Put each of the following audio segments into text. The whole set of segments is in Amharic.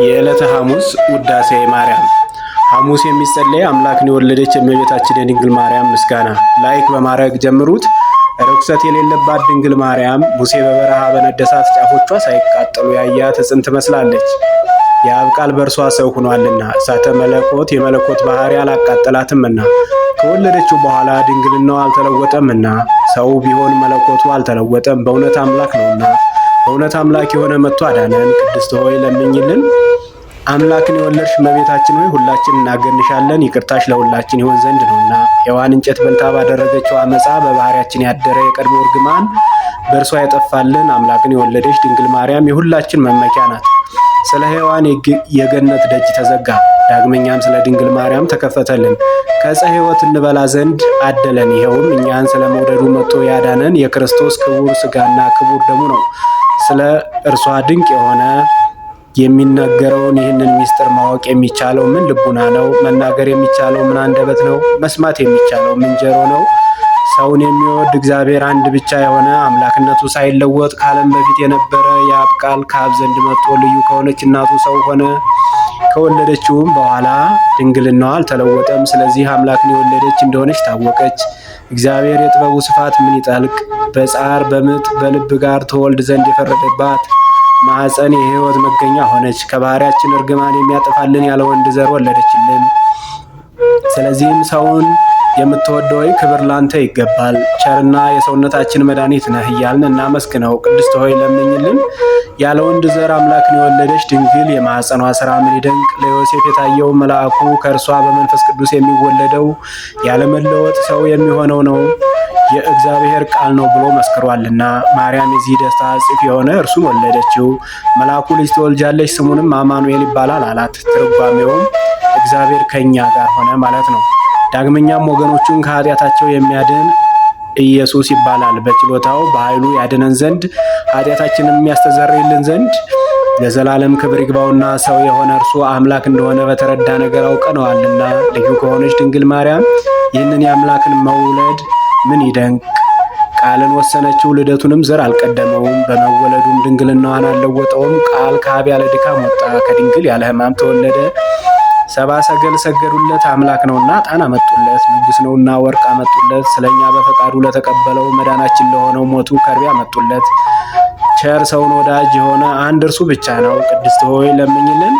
የዕለተ ሐሙስ ውዳሴ ማርያም ሐሙስ የሚጸለይ አምላክን የወለደች የእመቤታችን የድንግል ማርያም ምስጋና። ላይክ በማድረግ ጀምሩት። ርኩሰት የሌለባት ድንግል ማርያም ሙሴ በበረሃ በነደሳት ጫፎቿ ሳይቃጠሉ ያያት ዕፅን ትመስላለች። የአብ ቃል በእርሷ ሰው ሆኗልና እሳተ መለኮት የመለኮት ባሕሪ አላቃጠላትምና ከወለደችው በኋላ ድንግልናው አልተለወጠምና ሰው ቢሆን መለኮቱ አልተለወጠም፣ በእውነት አምላክ ነውና በእውነት አምላክ የሆነ መጥቶ አዳነን። ቅድስት ሆይ ለምኝልን። አምላክን የወለድሽ እመቤታችን ሆይ ሁላችን እናገንሻለን። ይቅርታሽ ለሁላችን ይሆን ዘንድ ነውና ሔዋን እንጨት በልታ ባደረገችው አመፃ በባህሪያችን ያደረ የቀድሞ እርግማን በእርሷ የጠፋልን። አምላክን የወለደች ድንግል ማርያም የሁላችን መመኪያ ናት። ስለ ሔዋን የገነት ደጅ ተዘጋ፣ ዳግመኛም ስለ ድንግል ማርያም ተከፈተልን። ከዕፀ ሕይወት እንበላ ዘንድ አደለን። ይኸውም እኛን ስለ መውደዱ መጥቶ ያዳነን የክርስቶስ ክቡር ስጋና ክቡር ደሙ ነው። ስለ እርሷ ድንቅ የሆነ የሚነገረውን ይህንን ሚስጥር ማወቅ የሚቻለው ምን ልቡና ነው? መናገር የሚቻለው ምን አንደበት ነው? መስማት የሚቻለው ምን ጆሮ ነው? ሰውን የሚወድ እግዚአብሔር አንድ ብቻ የሆነ አምላክነቱ ሳይለወጥ ከዓለም በፊት የነበረ የአብ ቃል ከአብ ዘንድ መጥቶ ልዩ ከሆነች እናቱ ሰው ሆነ። ከወለደችውም በኋላ ድንግልናዋ አልተለወጠም። ስለዚህ አምላክን የወለደች እንደሆነች ታወቀች። እግዚአብሔር የጥበቡ ስፋት ምን ይጠልቅ በጻር በምጥ በልብ ጋር ተወልድ ዘንድ የፈረደባት ማዕፀን የሕይወት መገኛ ሆነች። ከባህሪያችን እርግማን የሚያጠፋልን ያለ ወንድ ዘር ወለደችልን። ስለዚህም ሰውን የምትወደ ወይ ክብር ላንተ ይገባል፣ ቸርና የሰውነታችን መድኃኒት ነህ እያልን እናመስግነው። ቅድስት ሆይ ለምኝልን። ያለ ወንድ ዘር አምላክን የወለደች ድንግል የማኅፀኗ ሥራ ምን ይደንቅ! ለዮሴፍ የታየው መልአኩ ከእርሷ በመንፈስ ቅዱስ የሚወለደው ያለመለወጥ ሰው የሚሆነው ነው። የእግዚአብሔር ቃል ነው ብሎ መስክሯልና። ማርያም የዚህ ደስታ ጽፍ የሆነ እርሱን ወለደችው። መልአኩ ልጅ ትወልጃለች፣ ስሙንም አማኑኤል ይባላል አላት። ትርጓሜውም እግዚአብሔር ከእኛ ጋር ሆነ ማለት ነው። ዳግመኛም ወገኖቹን ከኃጢአታቸው የሚያድን ኢየሱስ ይባላል። በችሎታው በኃይሉ ያድነን ዘንድ ኃጢአታችንም የሚያስተዘርይልን ዘንድ ለዘላለም ክብር ይግባውና ሰው የሆነ እርሱ አምላክ እንደሆነ በተረዳ ነገር አውቀነዋልና ልዩ ከሆነች ድንግል ማርያም ይህንን የአምላክን መውለድ ምን ይደንቅ! ቃልን ወሰነችው፣ ልደቱንም ዘር አልቀደመውም፣ በመወለዱም ድንግልናዋን አልለወጠውም። ቃል ከአብ ያለ ድካም ወጣ፣ ከድንግል ያለ ሕማም ተወለደ። ሰባ ሰገል ሰገዱለት፣ አምላክ ነውና ዕጣን አመጡለት፣ ንጉሥ ነውና ወርቅ አመጡለት። ስለኛ በፈቃዱ ለተቀበለው መዳናችን ለሆነው ሞቱ ከርቤ አመጡለት። ቸር ሰውን ወዳጅ የሆነ አንድ እርሱ ብቻ ነው። ቅድስት ሆይ ለምኝልን።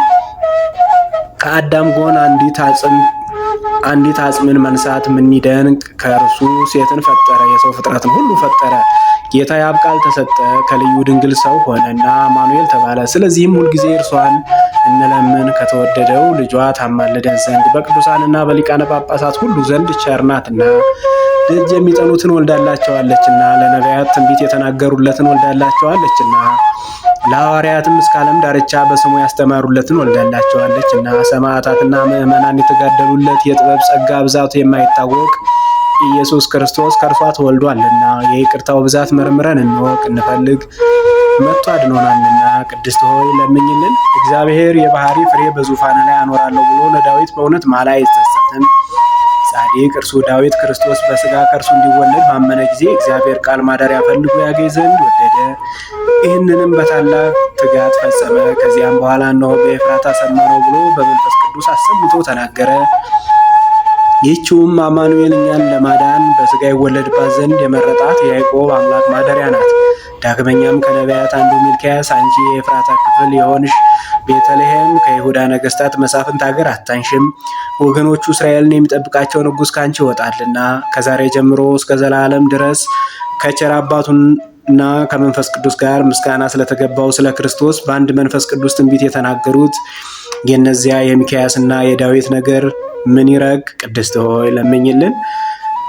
ከአዳም ጎን አንዲት አጽም አንዲት አጽምን መንሳት ምንደንቅ ከእርሱ ሴትን ፈጠረ፣ የሰው ፍጥረትን ሁሉ ፈጠረ። ጌታ የአብ ቃል ተሰጠ፣ ከልዩ ድንግል ሰው ሆነና አማኑኤል ተባለ። ስለዚህም ሁልጊዜ እርሷን እንለምን ከተወደደው ልጇ ታማልደን ዘንድ በቅዱሳንና በሊቃነ ጳጳሳት ሁሉ ዘንድ ቸርናትና ናትና ደጅ የሚጠኑትን ወልዳላቸዋለችና፣ ለነቢያት ትንቢት የተናገሩለትን ወልዳላቸዋለችና ለሐዋርያትም እስከ ዓለም ዳርቻ በስሙ ያስተማሩለትን ወልዳላቸዋለች እና ሰማዕታትና ምዕመናን የተጋደሉለት የጥበብ ጸጋ ብዛቱ የማይታወቅ ኢየሱስ ክርስቶስ ከእርሷ ተወልዷልና የይቅርታው ብዛት መርምረን እንወቅ እንፈልግ መጥቶ አድኖናልና ቅድስት ሆይ ለምኝልን። እግዚአብሔር የባህሪ ፍሬ በዙፋን ላይ አኖራለሁ ብሎ ለዳዊት በእውነት ማላ አይጸጸትም። ይህ ቅርሱ ዳዊት ክርስቶስ በስጋ ቅርሱ እንዲወለድ ባመነ ጊዜ እግዚአብሔር ቃል ማደሪያ ፈልጎ ያገኝ ዘንድ ወደደ። ይህንንም በታላቅ ትጋት ፈጸመ። ከዚያም በኋላ እነሆ በኤፍራታ ሰማነው ብሎ በመንፈስ ቅዱስ አሰምቶ ተናገረ። ይህችውም አማኑኤል እኛን ለማዳን በስጋ ይወለድባት ዘንድ የመረጣት የያዕቆብ አምላክ ማደሪያ ናት። ዳግመኛም ከነቢያት አንዱ ሚልኪያስ አንቺ የኤፍራታ ክፍል የሆንሽ ቤተልሔም ከይሁዳ ነገስታት መሳፍንት ሀገር አታንሽም፣ ወገኖቹ እስራኤልን የሚጠብቃቸው ንጉስ ካንቺ ይወጣልና ከዛሬ ጀምሮ እስከ ዘላለም ድረስ ከቸር አባቱና ከመንፈስ ቅዱስ ጋር ምስጋና ስለተገባው ስለ ክርስቶስ በአንድ መንፈስ ቅዱስ ትንቢት የተናገሩት የነዚያ የሚካያስና የዳዊት ነገር ምን ይረግ? ቅድስት ሆይ ለምኝልን።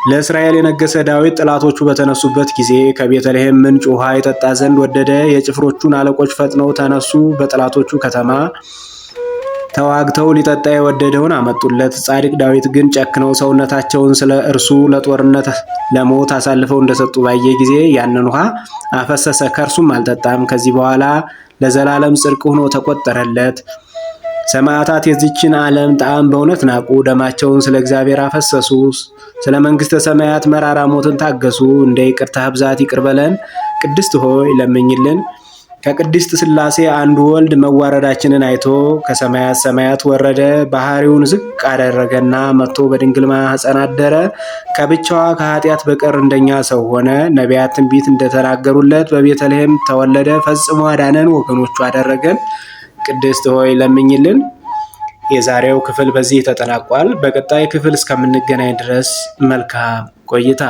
ለእስራኤል የነገሰ ዳዊት ጠላቶቹ በተነሱበት ጊዜ ከቤተልሔም ምንጭ ውሃ የጠጣ ዘንድ ወደደ። የጭፍሮቹን አለቆች ፈጥነው ተነሱ፣ በጠላቶቹ ከተማ ተዋግተው ሊጠጣ የወደደውን አመጡለት። ጻድቅ ዳዊት ግን ጨክነው ሰውነታቸውን ስለ እርሱ ለጦርነት ለሞት አሳልፈው እንደሰጡ ባየ ጊዜ ያንን ውሃ አፈሰሰ፣ ከእርሱም አልጠጣም። ከዚህ በኋላ ለዘላለም ጽድቅ ሆኖ ተቆጠረለት። ሰማዕታት የዚችን ዓለም ጣዕም በእውነት ናቁ። ደማቸውን ስለ እግዚአብሔር አፈሰሱ። ስለ መንግሥተ ሰማያት መራራ ሞትን ታገሱ። እንደ ይቅርታ ብዛት ይቅር በለን ቅድስት ሆይ ለምኝልን። ከቅድስት ሥላሴ አንዱ ወልድ መዋረዳችንን አይቶ ከሰማያት ሰማያት ወረደ። ባህሪውን ዝቅ አደረገና መጥቶ በድንግል ማኅፀን አደረ። ከብቻዋ ከኃጢአት በቀር እንደኛ ሰው ሆነ። ነቢያት ትንቢት እንደተናገሩለት በቤተልሔም ተወለደ። ፈጽሞ አዳነን፣ ወገኖቹ አደረገን። ቅድስት ሆይ ለምኝልን። የዛሬው ክፍል በዚህ ተጠናቋል። በቀጣይ ክፍል እስከምንገናኝ ድረስ መልካም ቆይታ